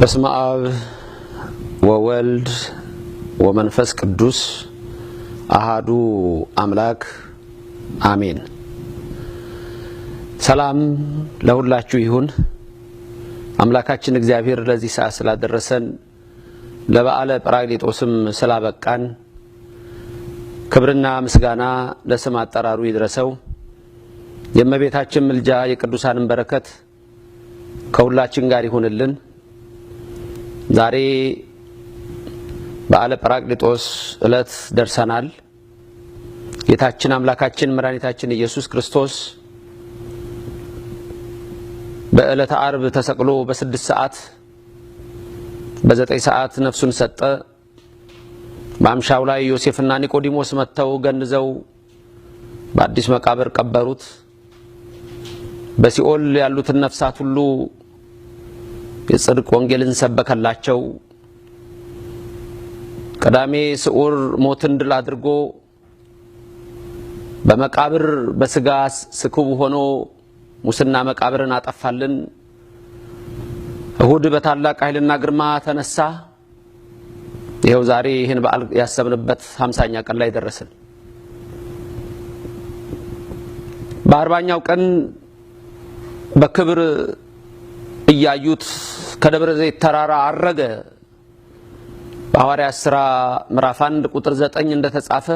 በስመ አብ ወወልድ ወመንፈስ ቅዱስ አሃዱ አምላክ አሜን። ሰላም ለሁላችሁ ይሁን። አምላካችን እግዚአብሔር ለዚህ ሰዓት ስላደረሰን ለበዓለ ጰራቅሊጦስም ስላበቃን ክብርና ምስጋና ለስም አጠራሩ ይድረሰው። የእመቤታችን ምልጃ የቅዱሳንን በረከት ከሁላችን ጋር ይሁንልን። ዛሬ በዓለ ጰራቅሊጦስ ዕለት ደርሰናል። ጌታችን አምላካችን መድኃኒታችን ኢየሱስ ክርስቶስ በዕለተ አርብ ተሰቅሎ በስድስት ሰዓት በዘጠኝ ሰዓት ነፍሱን ሰጠ። በአምሻው ላይ ዮሴፍና ኒቆዲሞስ መጥተው ገንዘው በአዲስ መቃብር ቀበሩት። በሲኦል ያሉትን ነፍሳት ሁሉ የጽድቅ ወንጌልን ሰበከላቸው። ቀዳሜ ስዑር ሞትን ድል አድርጎ በመቃብር በስጋ ስክቡ ሆኖ ሙስና መቃብርን አጠፋልን። እሁድ በታላቅ ኃይልና ግርማ ተነሳ። ይኸው ዛሬ ይህን በዓል ያሰብንበት ሀምሳኛ ቀን ላይ ደረስን። በአርባኛው ቀን በክብር እያዩት ከደብረ ዘይት ተራራ አረገ። በሐዋርያት ሥራ ምዕራፍ 1 ቁጥር 9 እንደተጻፈ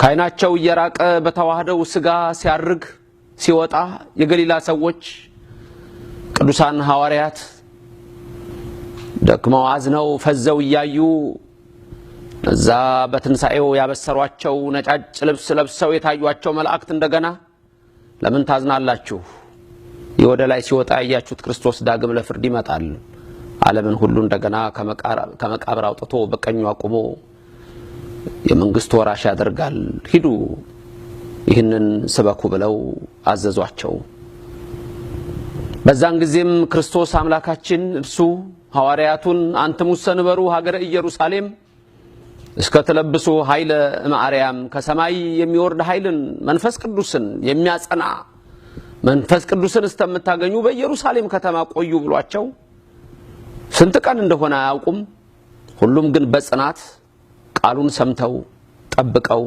ከዓይናቸው እየራቀ በተዋህደው ሥጋ ሲያርግ ሲወጣ የገሊላ ሰዎች ቅዱሳን ሐዋርያት ደክመው አዝነው ፈዘው እያዩ እዛ በትንሣኤው ያበሰሯቸው ነጫጭ ልብስ ለብሰው የታዩቸው መላእክት እንደገና ለምን ታዝናላችሁ ወደ ላይ ሲወጣ ያያችሁት ክርስቶስ ዳግም ለፍርድ ይመጣል። ዓለምን ሁሉ እንደገና ከመቃብር አውጥቶ በቀኙ አቁሞ የመንግስት ወራሽ ያደርጋል። ሂዱ ይህንን ስበኩ ብለው አዘዟቸው። በዛን ጊዜም ክርስቶስ አምላካችን እርሱ ሐዋርያቱን አንተ ሙሰ ንበሩ ሀገረ ኢየሩሳሌም እስከ ተለብሶ ኃይለ ማርያም ከሰማይ የሚወርድ ኃይልን መንፈስ ቅዱስን የሚያጸና መንፈስ ቅዱስን እስከምታገኙ በኢየሩሳሌም ከተማ ቆዩ ብሏቸው ስንት ቀን እንደሆነ አያውቁም። ሁሉም ግን በጽናት ቃሉን ሰምተው ጠብቀው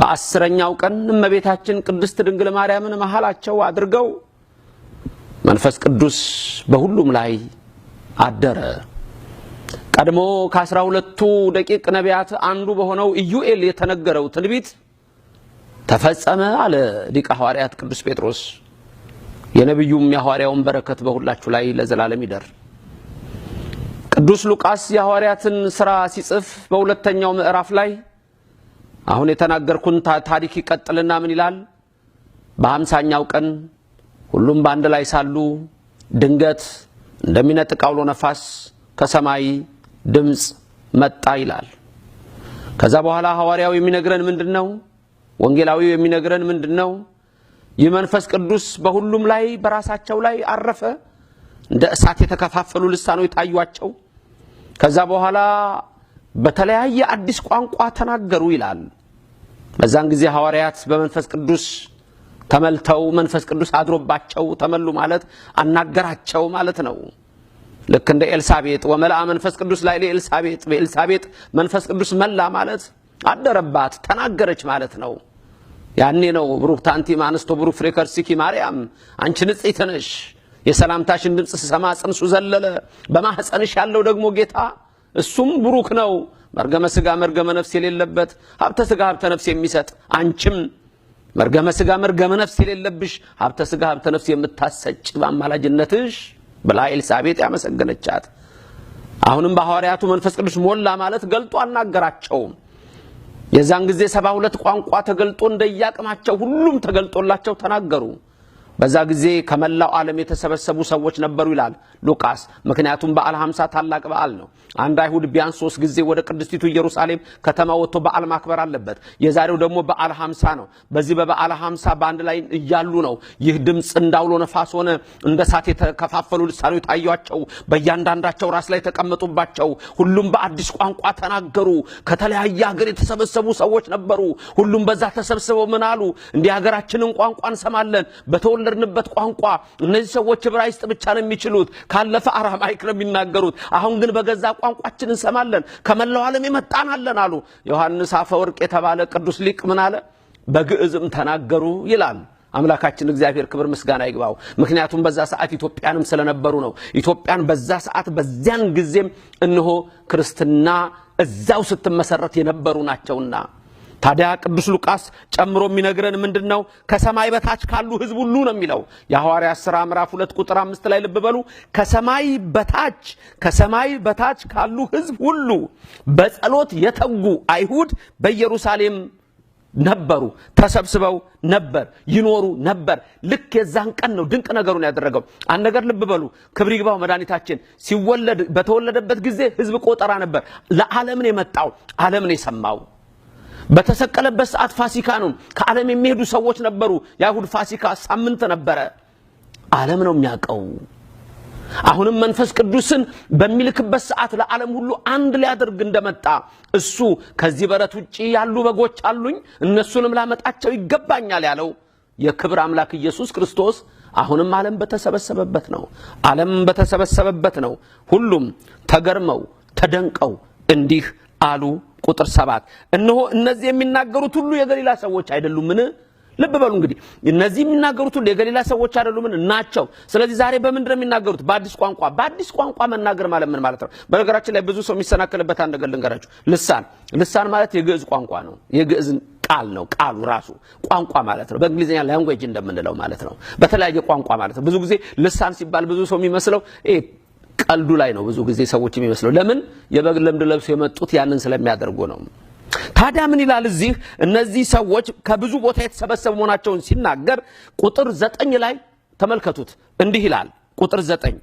በአስረኛው ቀን እመቤታችን ቅድስት ድንግል ማርያምን መሃላቸው አድርገው መንፈስ ቅዱስ በሁሉም ላይ አደረ። ቀድሞ ከአስራ ሁለቱ ደቂቅ ነቢያት አንዱ በሆነው ኢዩኤል የተነገረው ትንቢት ተፈጸመ አለ ሊቀ ሐዋርያት ቅዱስ ጴጥሮስ። የነቢዩም የሐዋርያውን በረከት በሁላችሁ ላይ ለዘላለም ይደር። ቅዱስ ሉቃስ የሐዋርያትን ሥራ ሲጽፍ በሁለተኛው ምዕራፍ ላይ አሁን የተናገርኩን ታሪክ ይቀጥልና ምን ይላል? በአምሳኛው ቀን ሁሉም በአንድ ላይ ሳሉ ድንገት እንደሚነጥቅ አውሎ ነፋስ ከሰማይ ድምፅ መጣ ይላል። ከዛ በኋላ ሐዋርያው የሚነግረን ምንድን ነው? ወንጌላዊው የሚነግረን ምንድን ነው? ይህ መንፈስ ቅዱስ በሁሉም ላይ በራሳቸው ላይ አረፈ። እንደ እሳት የተከፋፈሉ ልሳኖች ታዩአቸው። ከዛ በኋላ በተለያየ አዲስ ቋንቋ ተናገሩ ይላል። በዛን ጊዜ ሐዋርያት በመንፈስ ቅዱስ ተመልተው መንፈስ ቅዱስ አድሮባቸው ተመሉ ማለት አናገራቸው ማለት ነው። ልክ እንደ ኤልሳቤጥ ወመልአ መንፈስ ቅዱስ ላይ ለኤልሳቤጥ በኤልሳቤጥ መንፈስ ቅዱስ መላ ማለት አደረባት፣ ተናገረች ማለት ነው። ያኔ ነው ብሩክ ታንቲም አንስቶ ብሩክ ፍሬከር ሲኪ ማርያም አንቺ ንጽሕት ነሽ። የሰላምታሽን ድምፅ ስሰማ ጽንሱ ዘለለ፣ በማህፀንሽ ያለው ደግሞ ጌታ እሱም ብሩክ ነው። መርገመ ስጋ መርገመ ነፍስ የሌለበት ሀብተ ስጋ ሀብተ ነፍስ የሚሰጥ አንቺም መርገመ ስጋ መርገመ ነፍስ የሌለብሽ ሀብተ ስጋ ሀብተ ነፍስ የምታሰጭ በአማላጅነትሽ ብላ ኤልሳቤጥ ያመሰገነቻት። አሁንም በሐዋርያቱ መንፈስ ቅዱስ ሞላ ማለት ገልጦ አናገራቸውም። የዛን ጊዜ ሰባ ሁለት ቋንቋ ተገልጦ እንደያቅማቸው ሁሉም ተገልጦላቸው ተናገሩ። በዛ ጊዜ ከመላው ዓለም የተሰበሰቡ ሰዎች ነበሩ ይላል ሉቃስ። ምክንያቱም በዓል ሃምሳ ታላቅ በዓል ነው። አንድ አይሁድ ቢያንስ ሶስት ጊዜ ወደ ቅድስቲቱ ኢየሩሳሌም ከተማ ወጥቶ በዓል ማክበር አለበት። የዛሬው ደግሞ በዓል ሃምሳ ነው። በዚህ በበዓል ሃምሳ በአንድ ላይ እያሉ ነው። ይህ ድምፅ እንዳውሎ ነፋስ ሆነ። እንደ እሳት የተከፋፈሉ ልሳኖች ታዩአቸው፣ በእያንዳንዳቸው ራስ ላይ ተቀመጡባቸው። ሁሉም በአዲስ ቋንቋ ተናገሩ። ከተለያየ ሀገር የተሰበሰቡ ሰዎች ነበሩ። ሁሉም በዛ ተሰብስበው ምን አሉ? እንዲህ ሀገራችንን ቋንቋ እንሰማለን በተወለ የነበርንበት ቋንቋ እነዚህ ሰዎች ዕብራይስጥ ብቻ ነው የሚችሉት፣ ካለፈ አራማይክ ነው የሚናገሩት። አሁን ግን በገዛ ቋንቋችን እንሰማለን፣ ከመላው ዓለም የመጣን አለን አሉ። ዮሐንስ አፈወርቅ የተባለ ቅዱስ ሊቅ ምን አለ? በግዕዝም ተናገሩ ይላል። አምላካችን እግዚአብሔር ክብር ምስጋና ይግባው። ምክንያቱም በዛ ሰዓት ኢትዮጵያንም ስለነበሩ ነው። ኢትዮጵያን በዛ ሰዓት በዚያን ጊዜም እነሆ ክርስትና እዛው ስትመሰረት የነበሩ ናቸውና ታዲያ ቅዱስ ሉቃስ ጨምሮ የሚነግረን ምንድን ነው? ከሰማይ በታች ካሉ ህዝብ ሁሉ ነው የሚለው የሐዋርያት ሥራ ምዕራፍ ሁለት ቁጥር አምስት ላይ ልብ በሉ። ከሰማይ በታች ከሰማይ በታች ካሉ ህዝብ ሁሉ በጸሎት የተጉ አይሁድ በኢየሩሳሌም ነበሩ ተሰብስበው ነበር ይኖሩ ነበር። ልክ የዛን ቀን ነው ድንቅ ነገሩን ያደረገው። አንድ ነገር ልብ በሉ። ክብር ይግባው መድኃኒታችን ሲወለድ በተወለደበት ጊዜ ህዝብ ቆጠራ ነበር። ለዓለምን የመጣው፣ ዓለምን የሰማው። በተሰቀለበት ሰዓት ፋሲካ ነው። ከዓለም የሚሄዱ ሰዎች ነበሩ። የአይሁድ ፋሲካ ሳምንት ነበረ። ዓለም ነው የሚያውቀው። አሁንም መንፈስ ቅዱስን በሚልክበት ሰዓት ለዓለም ሁሉ አንድ ሊያደርግ እንደመጣ እሱ ከዚህ በረት ውጭ ያሉ በጎች አሉኝ፣ እነሱንም ላመጣቸው ይገባኛል ያለው የክብር አምላክ ኢየሱስ ክርስቶስ አሁንም ዓለም በተሰበሰበበት ነው። ዓለም በተሰበሰበበት ነው። ሁሉም ተገርመው ተደንቀው እንዲህ አሉ። ቁጥር ሰባት እነሆ እነዚህ የሚናገሩት ሁሉ የገሊላ ሰዎች አይደሉምን? ልብ በሉ እንግዲህ እነዚህ የሚናገሩት ሁሉ የገሊላ ሰዎች አይደሉምን? ናቸው። ስለዚህ ዛሬ በምንድን ነው የሚናገሩት? በአዲስ ቋንቋ። በአዲስ ቋንቋ መናገር ማለት ምን ማለት ነው? በነገራችን ላይ ብዙ ሰው የሚሰናከልበት አንድ ነገር ልንገራችሁ። ልሳን ልሳን ማለት የግዕዝ ቋንቋ ነው። የግዕዝ ቃል ነው። ቃሉ ራሱ ቋንቋ ማለት ነው። በእንግሊዝኛ ላንጉዌጅ እንደምንለው ማለት ነው። በተለያየ ቋንቋ ማለት ነው። ብዙ ጊዜ ልሳን ሲባል ብዙ ሰው የሚመስለው ቀልዱ ላይ ነው ብዙ ጊዜ ሰዎች የሚመስለው። ለምን የበግ ለምድ ለብሶ የመጡት ያንን ስለሚያደርጉ ነው። ታዲያ ምን ይላል እዚህ? እነዚህ ሰዎች ከብዙ ቦታ የተሰበሰቡ መሆናቸውን ሲናገር ቁጥር ዘጠኝ ላይ ተመልከቱት። እንዲህ ይላል ቁጥር ዘጠኝ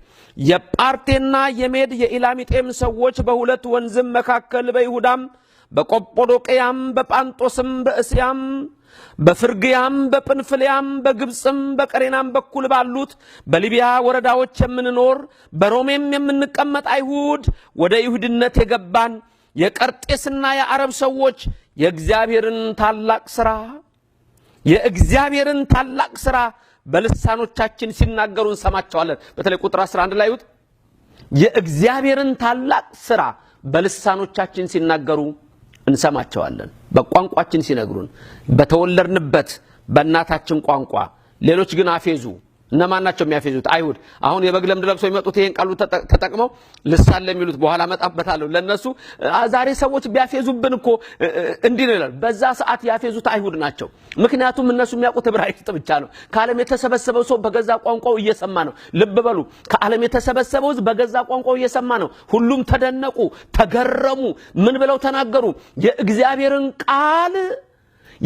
የጳርቴና የሜድ የኢላሚጤም ሰዎች በሁለት ወንዝም መካከል በይሁዳም በቆጶዶቅያም በጳንጦስም በእስያም በፍርግያም በጵንፍልያም በግብፅም በቀሬናም በኩል ባሉት በሊቢያ ወረዳዎች የምንኖር በሮሜም የምንቀመጥ አይሁድ ወደ ይሁድነት የገባን የቀርጤስና የአረብ ሰዎች የእግዚአብሔርን ታላቅ ሥራ የእግዚአብሔርን ታላቅ ሥራ በልሳኖቻችን ሲናገሩ እንሰማቸዋለን። በተለይ ቁጥር 11 ላይ ይሁት የእግዚአብሔርን ታላቅ ሥራ በልሳኖቻችን ሲናገሩ እንሰማቸዋለን። በቋንቋችን ሲነግሩን በተወለድንበት በእናታችን ቋንቋ ሌሎች ግን አፌዙ እነማን ናቸው የሚያፌዙት? አይሁድ። አሁን የበግ ለምድ ለብሰው የሚመጡት ይሄን ቃሉ ተጠቅመው ልሳን ለሚሉት በኋላ መጣበታለሁ። ለነሱ ዛሬ ሰዎች ቢያፌዙብን እኮ እንዲህ ነው ይላል። በዛ ሰዓት ያፌዙት አይሁድ ናቸው። ምክንያቱም እነሱ የሚያውቁት ዕብራይስጥ ብቻ ነው። ከዓለም የተሰበሰበው ሰው በገዛ ቋንቋው እየሰማ ነው። ልብ በሉ፣ ከዓለም የተሰበሰበው በገዛ ቋንቋው እየሰማ ነው። ሁሉም ተደነቁ፣ ተገረሙ። ምን ብለው ተናገሩ? የእግዚአብሔርን ቃል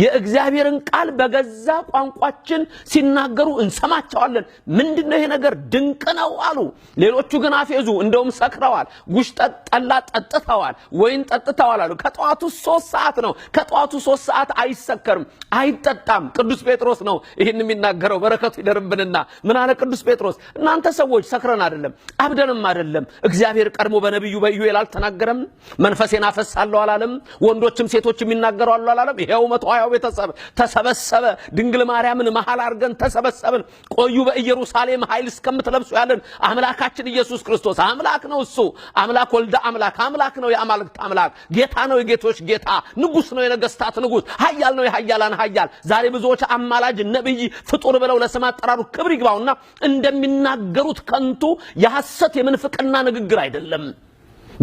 የእግዚአብሔርን ቃል በገዛ ቋንቋችን ሲናገሩ እንሰማቸዋለን። ምንድን ነው ይሄ ነገር? ድንቅ ነው አሉ። ሌሎቹ ግን አፌዙ፣ እንደውም ሰክረዋል፣ ጉሽ ጠላ ጠጥተዋል፣ ወይን ጠጥተዋል አሉ። ከጠዋቱ ሶስት ሰዓት ነው። ከጠዋቱ ሶስት ሰዓት አይሰከርም፣ አይጠጣም። ቅዱስ ጴጥሮስ ነው ይህን የሚናገረው። በረከቱ ይደርብንና ምን አለ ቅዱስ ጴጥሮስ? እናንተ ሰዎች ሰክረን አይደለም አብደንም አይደለም። እግዚአብሔር ቀድሞ በነቢዩ በኢዩኤል አልተናገረም? መንፈሴን አፈሳለሁ አላለም? ወንዶችም ሴቶችም ይናገራሉ አላለም? ይሄው መቶ ሰማያዊ ቤተሰብ ተሰበሰበ። ድንግል ማርያምን መሃል አድርገን ተሰበሰብን። ቆዩ በኢየሩሳሌም ኃይል እስከምትለብሱ ያለን አምላካችን ኢየሱስ ክርስቶስ አምላክ ነው። እሱ አምላክ ወልደ አምላክ አምላክ ነው፣ የአማልክት አምላክ ጌታ ነው፣ የጌቶች ጌታ ንጉስ ነው፣ የነገስታት ንጉስ ኃያል ነው፣ የኃያላን ኃያል። ዛሬ ብዙዎች አማላጅ፣ ነቢይ፣ ፍጡር ብለው ለስም አጠራሩ ክብር ይግባውና እንደሚናገሩት ከንቱ የሐሰት የምንፍቅና ንግግር አይደለም።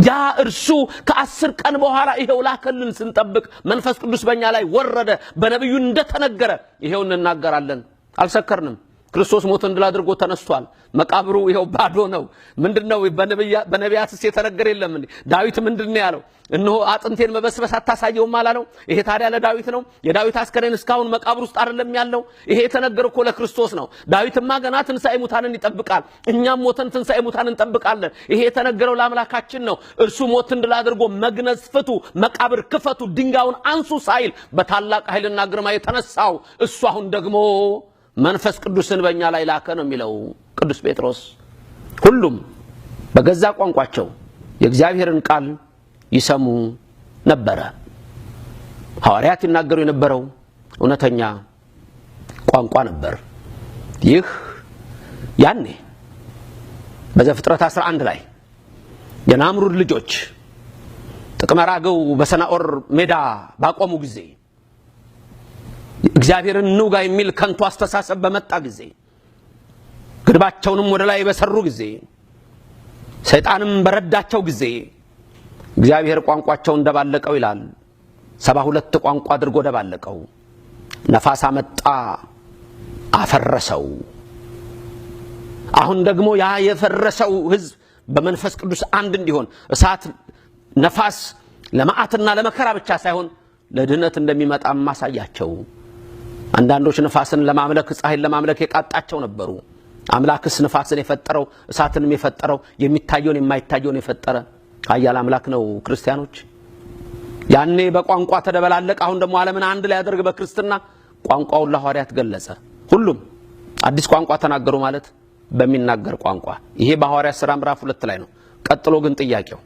ያ እርሱ ከአስር ቀን በኋላ ይሄው ላከልን ስንጠብቅ መንፈስ ቅዱስ በእኛ ላይ ወረደ፣ በነቢዩ እንደተነገረ ይሄው እንናገራለን። አልሰከርንም። ክርስቶስ ሞትን ድል አድርጎ ተነስቷል። መቃብሩ ይኸው ባዶ ነው። ምንድን ነው በነቢያትስ የተነገረ የለም ዳዊት ምንድን ነው ያለው? እነሆ አጥንቴን መበስበስ አታሳየውም አላለው? ይሄ ታዲያ ለዳዊት ነው? የዳዊት አስከሬን እስካሁን መቃብር ውስጥ አይደለም ያለው? ይሄ የተነገረ እኮ ለክርስቶስ ነው። ዳዊትማ ገና ትንሣኤ ሙታንን ይጠብቃል። እኛም ሞተን ትንሣኤ ሙታን እንጠብቃለን። ይሄ የተነገረው ለአምላካችን ነው። እርሱ ሞትን ድል አድርጎ መግነዝ ፍቱ፣ መቃብር ክፈቱ፣ ድንጋዩን አንሱ ሳይል በታላቅ ኃይልና ግርማ የተነሳው እሱ አሁን ደግሞ መንፈስ ቅዱስን በእኛ ላይ ላከ ነው የሚለው ቅዱስ ጴጥሮስ። ሁሉም በገዛ ቋንቋቸው የእግዚአብሔርን ቃል ይሰሙ ነበረ። ሐዋርያት ይናገሩ የነበረው እውነተኛ ቋንቋ ነበር። ይህ ያኔ በዘፍጥረት 11 ላይ የናምሩድ ልጆች ጥቅመራገው በሰናኦር ሜዳ ባቆሙ ጊዜ እግዚአብሔርን እንውጋ የሚል ከንቱ አስተሳሰብ በመጣ ጊዜ ግድባቸውንም ወደ ላይ በሰሩ ጊዜ ሰይጣንም በረዳቸው ጊዜ እግዚአብሔር ቋንቋቸው እንደባለቀው ይላል። ሰባ ሁለት ቋንቋ አድርጎ ደባለቀው። ነፋስ አመጣ አፈረሰው። አሁን ደግሞ ያ የፈረሰው ሕዝብ በመንፈስ ቅዱስ አንድ እንዲሆን እሳት ነፋስ ለመዓትና ለመከራ ብቻ ሳይሆን ለድህነት እንደሚመጣ ማሳያቸው አንዳንዶች ንፋስን ለማምለክ ፀሐይን ለማምለክ የቃጣቸው ነበሩ። አምላክስ ንፋስን የፈጠረው እሳትንም የፈጠረው የሚታየውን የማይታየውን የፈጠረ ኃያል አምላክ ነው። ክርስቲያኖች ያኔ በቋንቋ ተደበላለቅ፣ አሁን ደግሞ ዓለምን አንድ ላይ ያደርግ በክርስትና ቋንቋውን ለሐዋርያት ገለጸ። ሁሉም አዲስ ቋንቋ ተናገሩ ማለት በሚናገር ቋንቋ ይሄ በሐዋርያት ሥራ ምዕራፍ ሁለት ላይ ነው። ቀጥሎ ግን ጥያቄው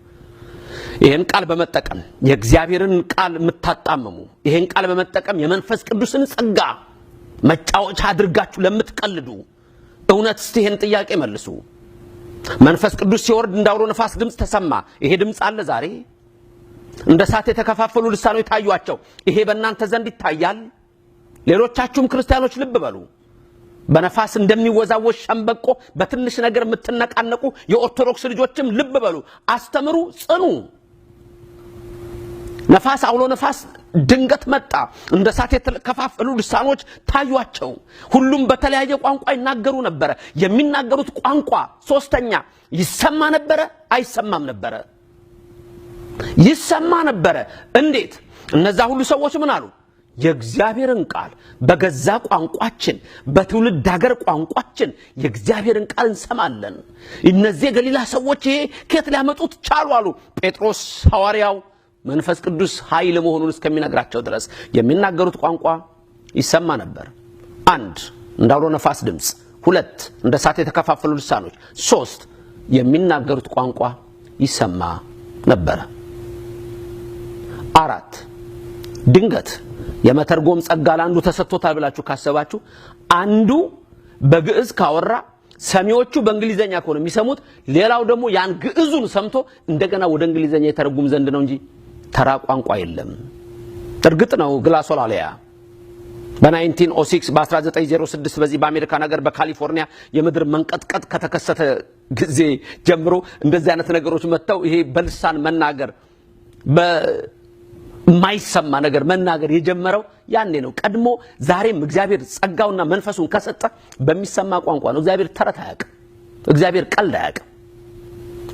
ይህን ቃል በመጠቀም የእግዚአብሔርን ቃል የምታጣምሙ ይህን ቃል በመጠቀም የመንፈስ ቅዱስን ጸጋ መጫወቻ አድርጋችሁ ለምትቀልዱ እውነት እስቲ ይህን ጥያቄ መልሱ። መንፈስ ቅዱስ ሲወርድ እንዳውሎ ነፋስ ድምፅ ተሰማ። ይሄ ድምፅ አለ ዛሬ? እንደ እሳት የተከፋፈሉ ልሳኖች ታዩአቸው። ይሄ በእናንተ ዘንድ ይታያል። ሌሎቻችሁም ክርስቲያኖች ልብ በሉ። በነፋስ እንደሚወዛወዝ ሸምበቆ በትንሽ ነገር የምትነቃነቁ የኦርቶዶክስ ልጆችም ልብ በሉ፣ አስተምሩ፣ ጽኑ። ነፋስ አውሎ ነፋስ ድንገት መጣ። እንደ እሳት የተከፋፈሉ ልሳኖች ታዩቸው ሁሉም በተለያየ ቋንቋ ይናገሩ ነበረ። የሚናገሩት ቋንቋ ሶስተኛ ይሰማ ነበረ፣ አይሰማም ነበረ። ይሰማ ነበረ። እንዴት? እነዛ ሁሉ ሰዎች ምን አሉ? የእግዚአብሔርን ቃል በገዛ ቋንቋችን በትውልድ ሀገር ቋንቋችን የእግዚአብሔርን ቃል እንሰማለን። እነዚህ የገሊላ ሰዎች ይሄ ከየት ሊያመጡት ቻሉ አሉ። ጴጥሮስ ሐዋርያው መንፈስ ቅዱስ ኃይል መሆኑን እስከሚነግራቸው ድረስ የሚናገሩት ቋንቋ ይሰማ ነበር። አንድ እንደ አውሎ ነፋስ ድምፅ፣ ሁለት እንደ እሳት የተከፋፈሉ ልሳኖች፣ ሶስት የሚናገሩት ቋንቋ ይሰማ ነበረ። አራት ድንገት የመተርጎም ጸጋ ለአንዱ ተሰጥቶታል ብላችሁ ካሰባችሁ አንዱ በግዕዝ ካወራ ሰሚዎቹ በእንግሊዘኛ ከሆነ የሚሰሙት፣ ሌላው ደግሞ ያን ግዕዙን ሰምቶ እንደገና ወደ እንግሊዘኛ የተረጉም ዘንድ ነው እንጂ ተራ ቋንቋ የለም። እርግጥ ነው ግላሶላሊያ በ1906 በ1906 በዚህ በአሜሪካ ነገር በካሊፎርኒያ የምድር መንቀጥቀጥ ከተከሰተ ጊዜ ጀምሮ እንደዚህ አይነት ነገሮች መጥተው ይሄ በልሳን መናገር የማይሰማ ነገር መናገር የጀመረው ያኔ ነው። ቀድሞ ዛሬም እግዚአብሔር ጸጋውና መንፈሱን ከሰጠ በሚሰማ ቋንቋ ነው። እግዚአብሔር ተረት አያውቅም። እግዚአብሔር ቀልድ አያውቅም።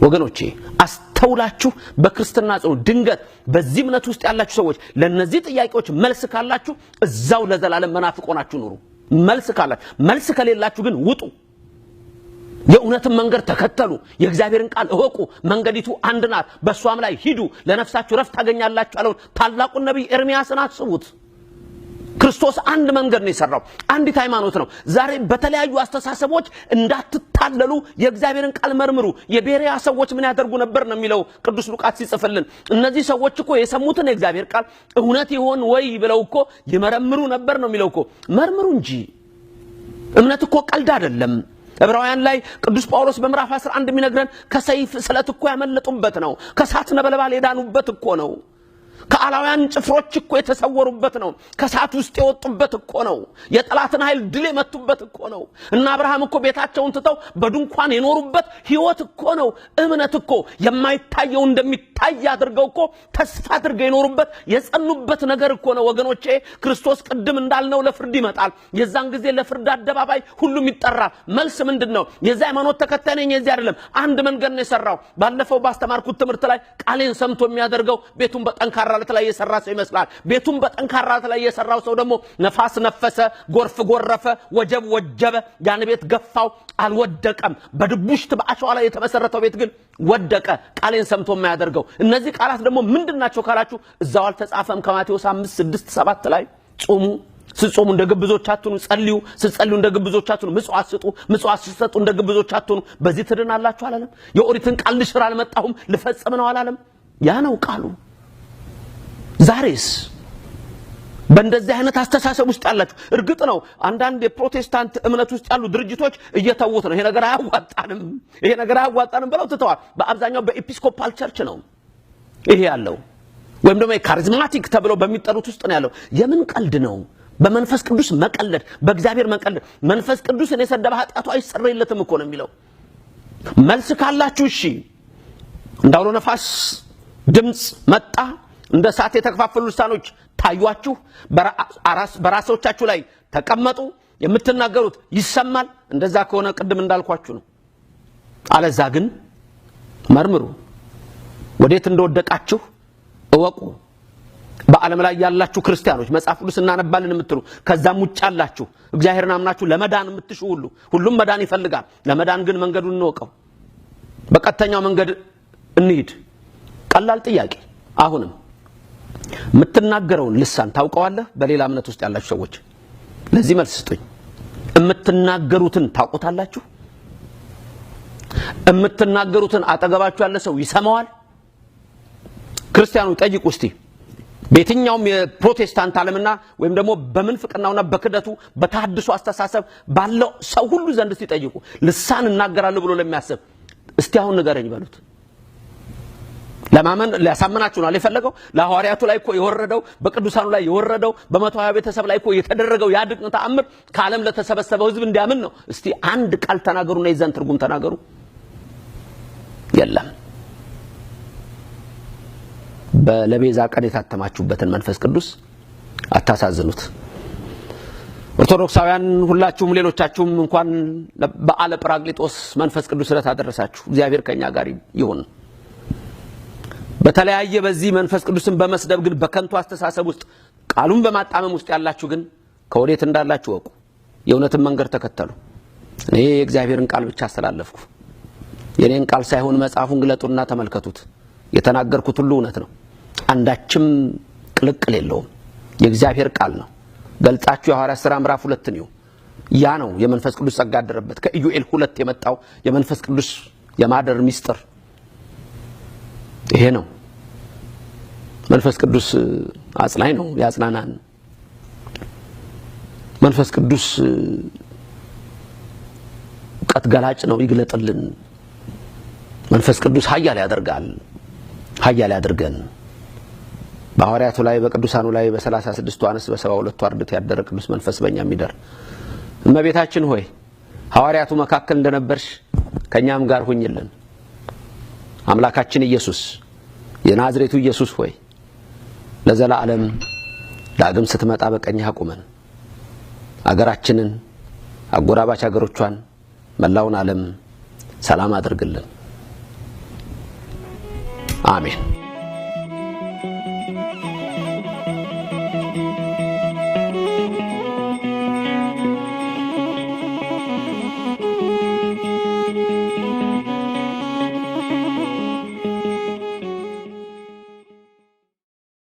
ወገኖቼ አስተውላችሁ በክርስትና ጽኑ። ድንገት በዚህ እምነት ውስጥ ያላችሁ ሰዎች ለነዚህ ጥያቄዎች መልስ ካላችሁ እዛው ለዘላለም መናፍቅ ሆናችሁ ኑሩ። መልስ ካላችሁ መልስ ከሌላችሁ ግን ውጡ። የእውነትን መንገድ ተከተሉ፣ የእግዚአብሔርን ቃል እወቁ፣ መንገዲቱ አንድ ናት፣ በእሷም ላይ ሂዱ፣ ለነፍሳችሁ ረፍት ታገኛላችሁ ያለውን ታላቁን ነቢይ ኤርሚያስን አስቡት። ክርስቶስ አንድ መንገድ ነው የሰራው፣ አንዲት ሃይማኖት ነው። ዛሬ በተለያዩ አስተሳሰቦች እንዳትታለሉ የእግዚአብሔርን ቃል መርምሩ። የቤሪያ ሰዎች ምን ያደርጉ ነበር ነው የሚለው ቅዱስ ሉቃስ ሲጽፍልን። እነዚህ ሰዎች እኮ የሰሙትን የእግዚአብሔር ቃል እውነት ይሆን ወይ ብለው እኮ ይመረምሩ ነበር ነው የሚለው እኮ። መርምሩ እንጂ እምነት እኮ ቀልድ አይደለም። ዕብራውያን ላይ ቅዱስ ጳውሎስ በምዕራፍ 11 የሚነግረን ከሰይፍ ስለት እኮ ያመለጡበት ነው። ከእሳት ነበልባል የዳኑበት እኮ ነው። ከአላውያን ጭፍሮች እኮ የተሰወሩበት ነው። ከሳት ውስጥ የወጡበት እኮ ነው። የጠላትን ኃይል ድል የመቱበት እኮ ነው። እና አብርሃም እኮ ቤታቸውን ትተው በድንኳን የኖሩበት ህይወት እኮ ነው። እምነት እኮ የማይታየው እንደሚታይ አድርገው እኮ ተስፋ አድርገው የኖሩበት የጸኑበት ነገር እኮ ነው። ወገኖቼ ክርስቶስ ቅድም እንዳልነው ለፍርድ ይመጣል። የዛን ጊዜ ለፍርድ አደባባይ ሁሉም ይጠራል። መልስ ምንድን ነው? የዚህ ሃይማኖት ተከታይ ነኝ፣ የዚህ አይደለም። አንድ መንገድ ነው የሰራው። ባለፈው ባስተማርኩት ትምህርት ላይ ቃሌን ሰምቶ የሚያደርገው ቤቱን በጠንካ በጠንካራ ለት ላይ የሰራ ሰው ይመስላል። ቤቱም በጠንካራ ለት ላይ የሰራው ሰው ደግሞ ነፋስ ነፈሰ፣ ጎርፍ ጎረፈ፣ ወጀብ ወጀበ፣ ያን ቤት ገፋው፣ አልወደቀም። በድቡሽት በአሸዋ ላይ የተመሰረተው ቤት ግን ወደቀ። ቃሌን ሰምቶ የማያደርገው እነዚህ ቃላት ደግሞ ምንድን ናቸው ካላችሁ እዛው አልተጻፈም? ከማቴዎስ 5 6 7 ላይ ጾሙ ስጾሙ እንደ ግብዞች ጸልዩ ስጸልዩ እንደ ግብዞች ምጽዋት ስጡ ምጽዋት ስሰጡ እንደ ግብዞች አትሁኑ፣ በዚህ ትድናላችሁ አላለም? የኦሪትን ቃል ልሽር አልመጣሁም ልፈጽም ነው አላለም? ያ ነው ቃሉ። ዛሬስ በእንደዚህ አይነት አስተሳሰብ ውስጥ ያላችሁ፣ እርግጥ ነው አንዳንድ የፕሮቴስታንት እምነት ውስጥ ያሉ ድርጅቶች እየተዉት ነው። ይሄ ነገር አያዋጣንም፣ ይሄ ነገር አያዋጣንም ብለው ትተዋል። በአብዛኛው በኤፒስኮፓል ቸርች ነው ይሄ ያለው፣ ወይም ደግሞ የካሪዝማቲክ ተብለው በሚጠሩት ውስጥ ነው ያለው። የምን ቀልድ ነው? በመንፈስ ቅዱስ መቀለድ፣ በእግዚአብሔር መቀለድ። መንፈስ ቅዱስ እኔ ሰደበ ኃጢአቱ አይሰረይለትም እኮ ነው የሚለው። መልስ ካላችሁ እሺ፣ እንዳውሎ ነፋስ ድምፅ መጣ እንደ እሳት የተከፋፈሉ ልሳኖች ታዩአችሁ፣ በራሶቻችሁ ላይ ተቀመጡ፣ የምትናገሩት ይሰማል። እንደዛ ከሆነ ቅድም እንዳልኳችሁ ነው። አለዛ ግን መርምሩ፣ ወዴት እንደወደቃችሁ እወቁ። በዓለም ላይ ያላችሁ ክርስቲያኖች መጽሐፍ ቅዱስ እናነባልን የምትሉ ከዛም ውጭ አላችሁ እግዚአብሔርን አምናችሁ ለመዳን የምትሹ ሁሉ ሁሉም መዳን ይፈልጋል። ለመዳን ግን መንገዱን እንወቀው። በቀጥተኛው መንገድ እንሂድ። ቀላል ጥያቄ አሁንም የምትናገረውን ልሳን ታውቀዋለህ? በሌላ እምነት ውስጥ ያላችሁ ሰዎች ለዚህ መልስ ስጡኝ። የምትናገሩትን ታውቁታላችሁ? የምትናገሩትን አጠገባችሁ ያለ ሰው ይሰማዋል? ክርስቲያኑ ጠይቁ እስቲ። በየትኛውም የፕሮቴስታንት ዓለምና ወይም ደግሞ በምንፍቅናውና በክደቱ በተሐድሶ አስተሳሰብ ባለው ሰው ሁሉ ዘንድ እስቲ ጠይቁ። ልሳን እናገራለሁ ብሎ ለሚያስብ እስቲ አሁን ንገረኝ በሉት። ለማመን ሊያሳምናችሁ ነው የፈለገው። ለሐዋርያቱ ላይ እኮ የወረደው በቅዱሳኑ ላይ የወረደው በመቶ ሀያ ቤተሰብ ላይ እኮ የተደረገው ያ ድንቅ ተአምር ከዓለም ለተሰበሰበው ሕዝብ እንዲያምን ነው። እስቲ አንድ ቃል ተናገሩና የዛን ትርጉም ተናገሩ። የለም። ለቤዛ ቀን የታተማችሁበትን መንፈስ ቅዱስ አታሳዝኑት። ኦርቶዶክሳውያን ሁላችሁም ሌሎቻችሁም እንኳን በዓለ ጰራቅሊጦስ መንፈስ ቅዱስ ዕለት አደረሳችሁ። እግዚአብሔር ከኛ ጋር ይሁን። በተለያየ በዚህ መንፈስ ቅዱስን በመስደብ ግን በከንቱ አስተሳሰብ ውስጥ ቃሉን በማጣመም ውስጥ ያላችሁ ግን ከወዴት እንዳላችሁ ወቁ። የእውነትን መንገድ ተከተሉ። እኔ የእግዚአብሔርን ቃል ብቻ አስተላለፍኩ። የእኔን ቃል ሳይሆን መጽሐፉን ግለጡና ተመልከቱት። የተናገርኩት ሁሉ እውነት ነው፣ አንዳችም ቅልቅል የለውም። የእግዚአብሔር ቃል ነው። ገልጻችሁ የሐዋርያት ሥራ ምዕራፍ ሁለትን ይሁ ያ ነው የመንፈስ ቅዱስ ጸጋ ያደረበት ከኢዩኤል ሁለት የመጣው የመንፈስ ቅዱስ የማደር ሚስጥር ይሄ ነው። መንፈስ ቅዱስ አጽናኝ ነው፣ ያጽናናን። መንፈስ ቅዱስ እውቀት ገላጭ ነው፣ ይግለጥልን። መንፈስ ቅዱስ ኃያል ያደርጋል፣ ኃያል ያድርገን። በሐዋርያቱ ላይ በቅዱሳኑ ላይ በሰላሳ ስድስቱ አንስት በሰባ ሁለቱ አርድእት ያደረ ቅዱስ መንፈስ በእኛ የሚደር እመቤታችን ሆይ ሐዋርያቱ መካከል እንደነበርሽ ከእኛም ጋር ሁኝልን። አምላካችን ኢየሱስ የናዝሬቱ ኢየሱስ ሆይ ለዘላለም ዳግም ስትመጣ በቀኝህ አቁመን። አገራችንን፣ አጎራባች አገሮቿን፣ መላውን ዓለም ሰላም አድርግልን። አሜን።